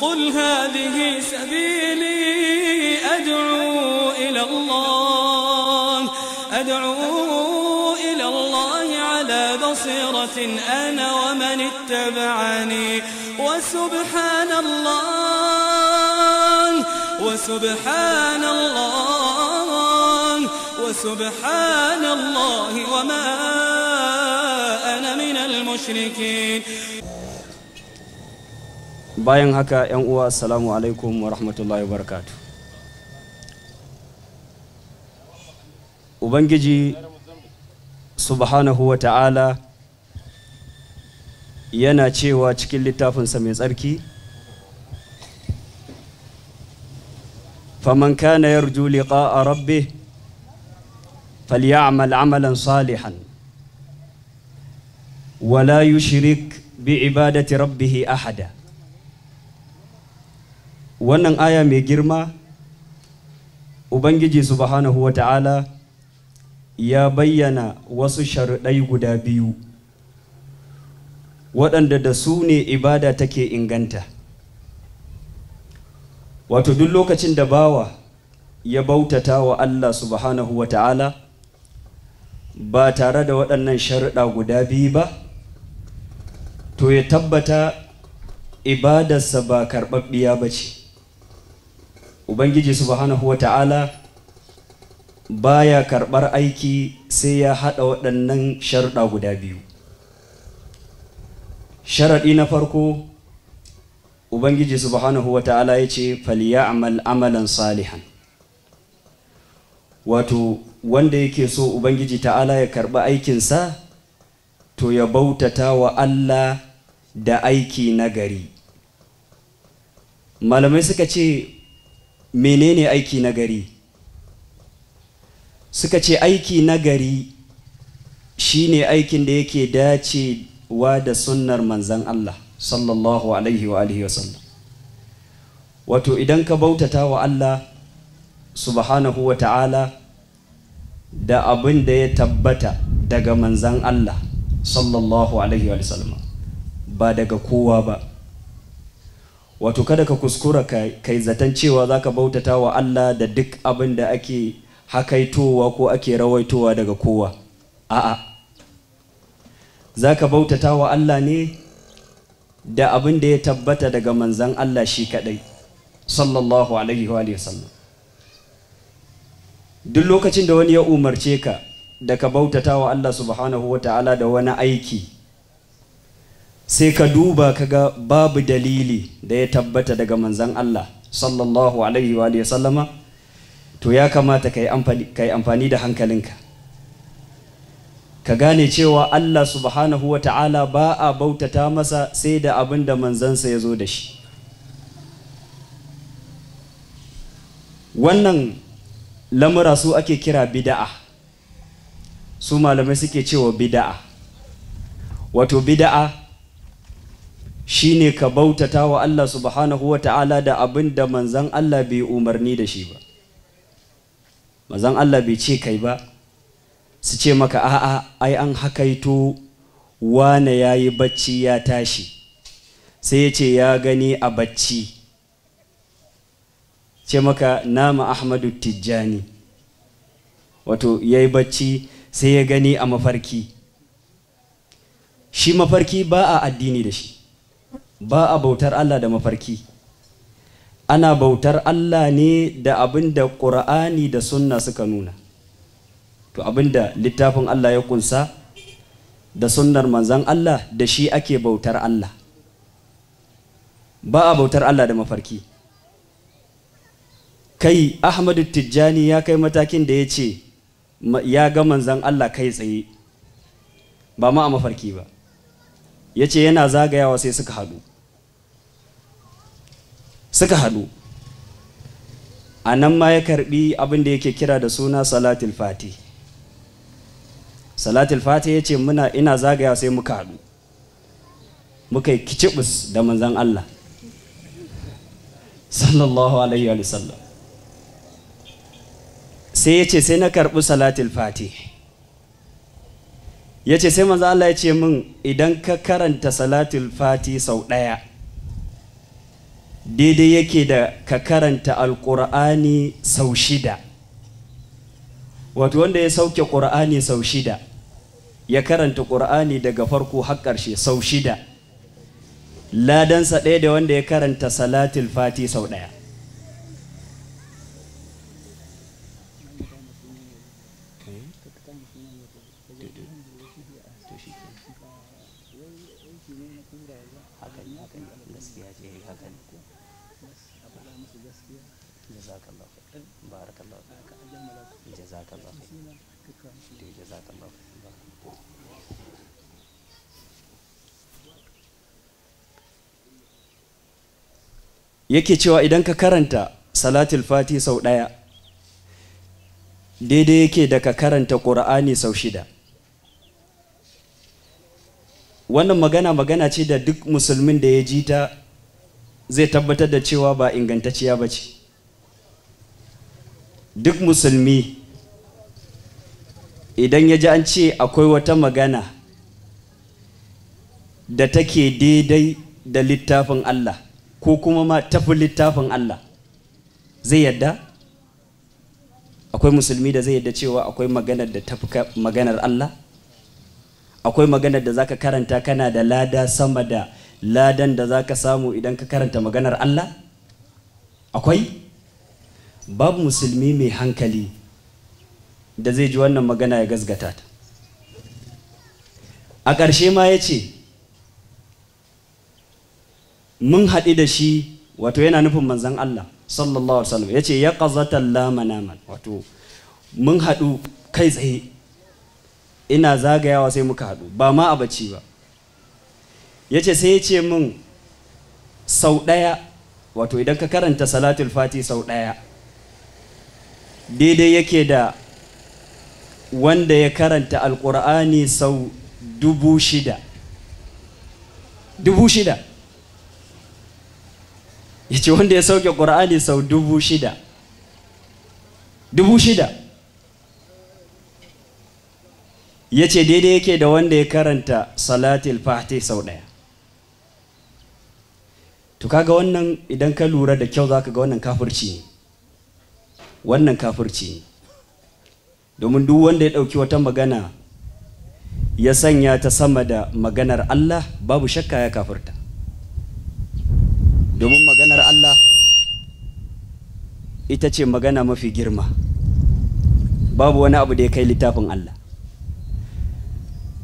قل هذه سبيلي أدعو إلى الله أدعو إلى الله على بصيرة أنا ومن اتبعني وسبحان الله وسبحان الله وسبحان الله وما أنا من المشركين bayan haka 'yan uwa assalamu alaikum wa rahmatullahi wa ubangiji subhanahu wa ta'ala yana cewa cikin littafinsa mai tsarki faman kana yarju liqa'a rabbi falyamal amalan salihan wala yushrik bi ibadati rabbihi ahada wannan aya mai girma ubangiji subhanahu wata'ala ya bayyana wasu sharuɗai guda biyu waɗanda da su ne ibada take inganta wato duk lokacin da bawa ya bautata wa Allah subhanahu ta'ala ba tare da waɗannan sharuɗa guda biyu ba to ya tabbata ibadarsa ba karɓaɓɓiya ba ce ubangiji subhanahu wa ta'ala baya karɓar aiki sai ya haɗa waɗannan sharɗa guda biyu sharaɗi na farko ubangiji subhanahu wa ta'ala ya ce amal amalan salihan wato wanda yake so ubangiji ta'ala ya karɓi aikinsa to ya bautata wa allah da aiki nagari malamai suka ce menene aiki na gari suka ce aiki na gari ne aikin da yake dacewa da sunnar manzan Allah sallallahu alaihi wa alihi wasallam wato idan ka bautata wa Allah subhanahu wa ta'ala da abin da ya tabbata daga manzan Allah sallallahu alaihi wa sallam ba daga kowa ba wato kada ka kuskura kai zaton cewa za ka bautata wa Allah da duk abin da ake hakaitowa ko ake rawaitowa daga kowa a'a za ka bautata wa Allah ne da abin da ya tabbata daga manzan Allah shi kaɗai. sallallahu alaihi wa sallam duk lokacin da wani ya umarce ka da ka bautata wa Allah subhanahu wa ta'ala da wani aiki sai ka duba ka ga babu dalili da ya tabbata daga manzan Allah sallallahu alaihi wa sallama to ya kamata ka yi amfani da hankalinka ka gane cewa Allah subhanahu wa ta'ala ba a bautata masa sai da abin da manzansa ya zo da shi wannan lamura su ake kira bida'a su malamai suke cewa bida'a wato bida'a Shi ne ka bautata wa Allah subhanahu wa ta'ala da abin da manzan Allah bai umarni da shi ba manzan Allah bai ce kai ba su ce maka a'a ai an hakaito wane ya yi bacci ya tashi sai ya ce ya gani a bacci ce maka nama Ahmadu Tijjani wato ya yi bacci sai ya gani a mafarki shi mafarki ba a addini da shi ba a bautar Allah da mafarki ana bautar Allah ne da abin da ƙura'ani da sunna suka nuna to abin da littafin Allah ya kunsa da sunnar manzan Allah da shi ake bautar Allah ba a bautar Allah da mafarki kai Ahmadu Tijjani ya kai matakin da ya ce ya ga manzan Allah kai tsaye ba ma a mafarki ba ya ce yana zagayawa sai suka haɗu suka haɗu a nan ma ya karɓi abin da yake kira da suna salatul fati salatul fati ya ce muna ina zagayawa sai muka haɗu muka yi kicibus da manzan Allah sallallahu alaihi wa sallam sai ya ce sai na karɓi salatul fati ya ce sai maza Allah ya ce min idan ka karanta salatul fati sau ɗaya daidai yake da ka karanta alƙur'ani sau shida wato wanda ya sauke ƙur'ani sau shida ya karanta ƙur'ani daga farko har ƙarshe sau shida ladansa ɗaya da wanda ya karanta salatul fati sau ɗaya yake cewa idan ka karanta salatul fati sau ɗaya daidai yake daga karanta ƙur'ani sau shida wannan magana magana ce da duk musulmin da ya ji ta zai tabbatar da cewa ba ingantacciya ba ce duk musulmi idan ya ji an ce akwai wata magana da take daidai da littafin Allah ko kuma ma tafi littafin Allah zai yadda? akwai musulmi da zai yadda cewa akwai maganar da tafi maganar Allah akwai maganar da zaka karanta kana da lada sama da ladan da zaka samu idan ka karanta maganar Allah akwai babu musulmi mai hankali da zai ji wannan magana ya gazgata ta a ƙarshe ma ya ce mun haɗi da shi wato yana nufin manzan Allah sallallahu alaihi wasallam yace ya la manama wato mun haɗu kai tsaye ina zagayawa sai muka haɗu ba ma a bacci ba yace sai yace mun sau ɗaya wato idan ka karanta salatul fati sau ɗaya daidai yake da wanda ya karanta alƙur'ani sau dubu shida dubu shida ya ce wanda ya sauke ƙur'ani sau dubu shida dubu shida ya ce daidai yake da wanda ya karanta salatul fati sau ɗaya to kaga wannan idan ka lura da kyau zaka ga wannan kafirci ne wannan kafirci ne domin duk wanda ya ɗauki wata magana ya sanya ta sama da maganar Allah babu shakka ya kafirta domin maganar Allah ita ce magana mafi girma babu wani abu da ya kai littafin Allah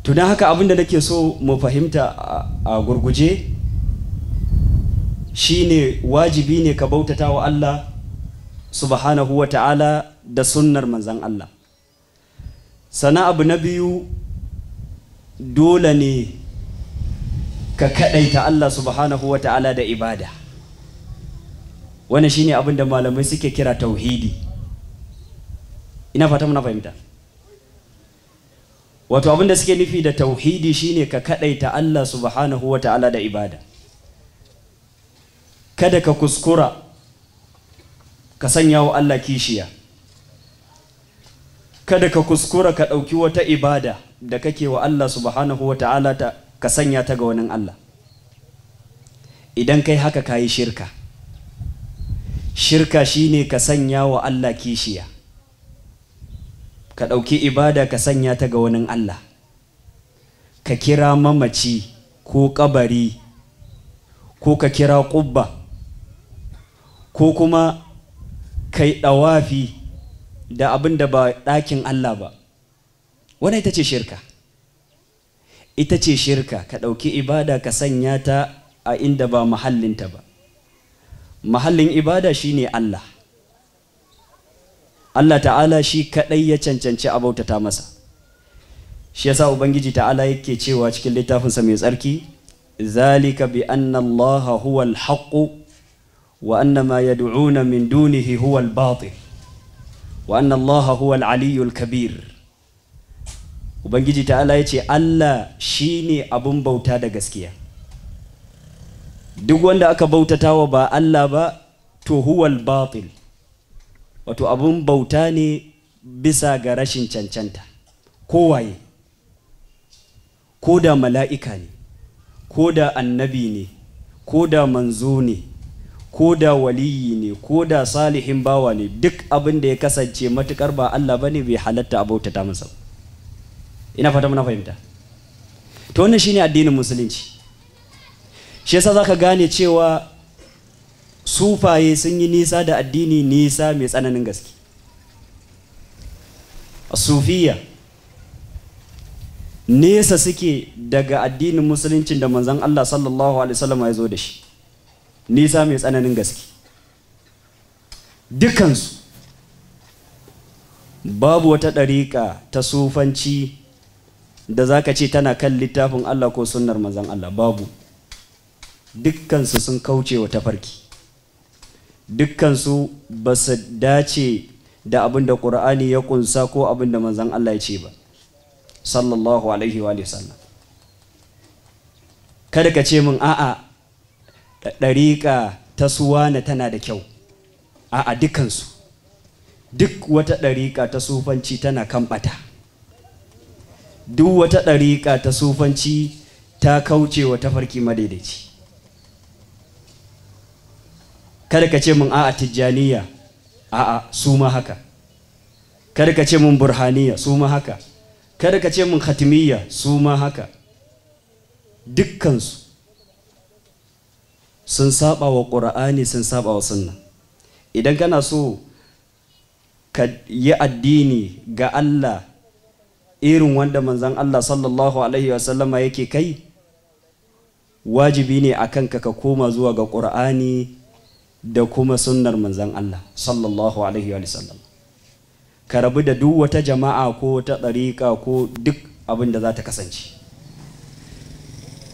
tunan haka abin da nake so mu fahimta a gurguje shine wajibi ne ka bautata wa Allah subhanahu wa ta'ala da sunnar manzan Allah sana abu na biyu dole ne ka kadaita Allah subhanahu wa ta'ala da ibada wannan shine abin da malamai suke kira tauhidi ina fata muna fahimta wato abin da suke nufi da tauhidi shine ka kadaita Allah subhanahu wa ta'ala da ibada kada ka kuskura ka sanya wa Allah kishiya kada ka kuskura ka ɗauki wata ibada da kake wa Allah subhanahu wa ta'ala ta ka sanya ta ga wani Allah idan kai haka kayi shirka shirka shirka shine ka sanya wa Allah kishiya ka ɗauki ibada ka sanya ta ga wani Allah ka kira mamaci ko ƙabari ko ka kira ƙubba ko kuma kai ɗawafi da abin da ba ɗakin Allah ba wani ita ce shirka ita ce shirka ka ɗauki ibada ka sanya ta a inda ba mahallinta ba mahallin ibada shine Allah Allah ta'ala shi kaɗai ya cancanci a bautata masa shi yasa ubangiji ta'ala yake cewa cikin littafinsa mai tsarki zalika bi anna Allah huwa al-haqq wa anna ma yad'una min dunihi huwa al-batil wa anna Allah huwa al kabir ubangiji ta'ala ya ce allah ne abin bauta da gaskiya duk wanda aka bautatawa ba allah ba to huwal batil wato abin bauta ne bisa ga rashin cancanta kowaye ko da mala'ika ne ko da annabi ne ko da manzo ne ko da waliyi ne ko da salihin bawa ne duk abin da ya kasance matukar ba Allah ba ne bai halatta a bautata masa ina fata muna fahimta to wannan shine addinin musulunci shi yasa zaka gane cewa sufaye sun yi nisa da addini nisa mai tsananin gaske sufiya nesa suke daga addinin musuluncin da manzon Allah sallallahu alaihi wasallam ya zo da shi nisa mai tsananin gaske dukansu babu wata ɗariƙa ta sufanci da za ka ce tana kan littafin Allah ko sunnar manzan Allah babu dukkansu sun kauce wa tafarki dukkansu ba su dace da abin da ƙur'ani ya kunsa ko abin da manzan Allah ya ce ba sallallahu alaihi wa sallam kada ka ce min a'a ɗariƙa ta suwana tana da kyau a'a dukkansu duk wata ɗariƙa ta sufanci tana kan ɓata duk wata ɗariƙa ta sufanci ta kauce wa farki madaidaici kada ka ce mun a'a tijjaniya a'a su ma haka kada ka ce mun burhaniya su ma haka kada ka ce mun khatimiyya su ma haka dukkansu sun saba wa ƙura'ani sun saba wa sunna idan kana so ka yi addini ga Allah irin wanda manzan Allah sallallahu alaihi wasallama yake kai wajibi ne a kanka ka koma zuwa ga ƙur'ani da kuma sunnar manzan Allah sallallahu alaihi wasallam ka rabu da duk wata jama'a ko ta ɗariƙa ko duk abin da za ta kasance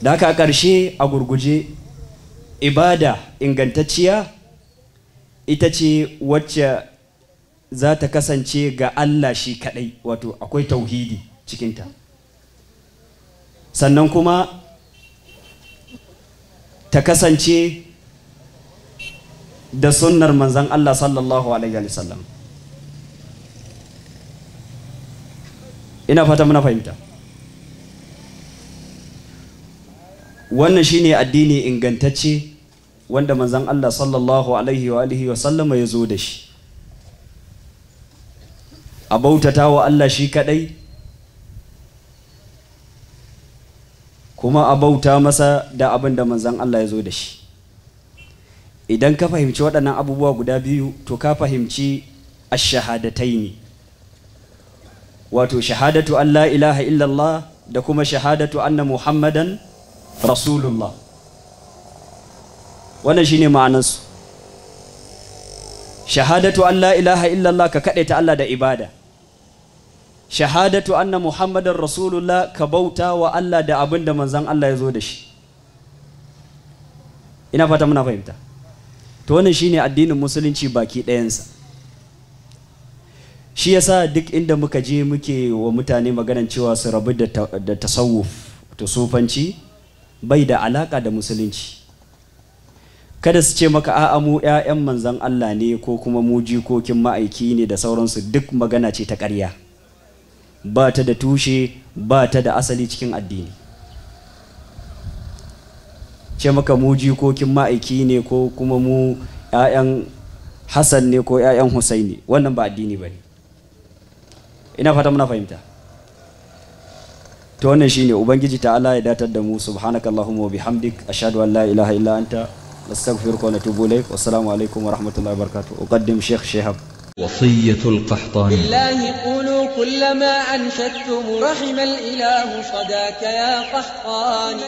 da haka ƙarshe a gurguje ibada ingantacciya ita ce wacce za ta kasance ga Allah shi kaɗai wato akwai tauhidi cikinta sannan kuma ta kasance da sunnar manzan Allah sallallahu alaihi wasallam ina fata muna fahimta wannan shine addini ingantacce wanda manzan Allah sallallahu alaihi wa wa sallama ya zo da shi a bautata wa Allah shi kaɗai kuma a bauta masa da abin da manzan Allah ya zo da shi idan ka fahimci waɗannan abubuwa guda biyu to ka fahimci a shahadatai ne wato shahadatu an la ilaha illallah da kuma shahadatu anna muhammadan rasulullah wannan shine ma'anarsu shahadatu an la ilaha illallah ka kaɗaita Allah da ibada shahadatu anna muhammadar rasulullah ka bauta wa Allah da abin da manzan Allah ya zo da shi ina fata muna fahimta to wannan shine addinin musulunci baki ɗayansa shi yasa duk inda muka je muke wa mutane maganan cewa su rabu da tasawuf to sufanci bai da alaka da musulunci kada su ce maka a'a mu 'ya'yan manzan Allah ne ko kuma mu jikokin ma'aiki ne da sauransu duk magana ce ta ƙarya ba ta da tushe ba ta da asali cikin addini ce maka mu jikokin ma'aiki ne ko kuma mu 'ya'yan hassan ne ko 'ya'yan husaini wannan ba addini ba ne ina fata muna fahimta to wannan shine ubangiji ta'ala ya datar da mu subhanakallahumma wa bihamdik ashhadu an la ilaha illa anta nastaghfiruka wa natubu ilaik wassalamu alaikum wa rahmatullahi wa barakatuh uqaddim shehab وصية القحطان بالله قولوا كلما أنشدتم رحم الإله صداك يا قحطان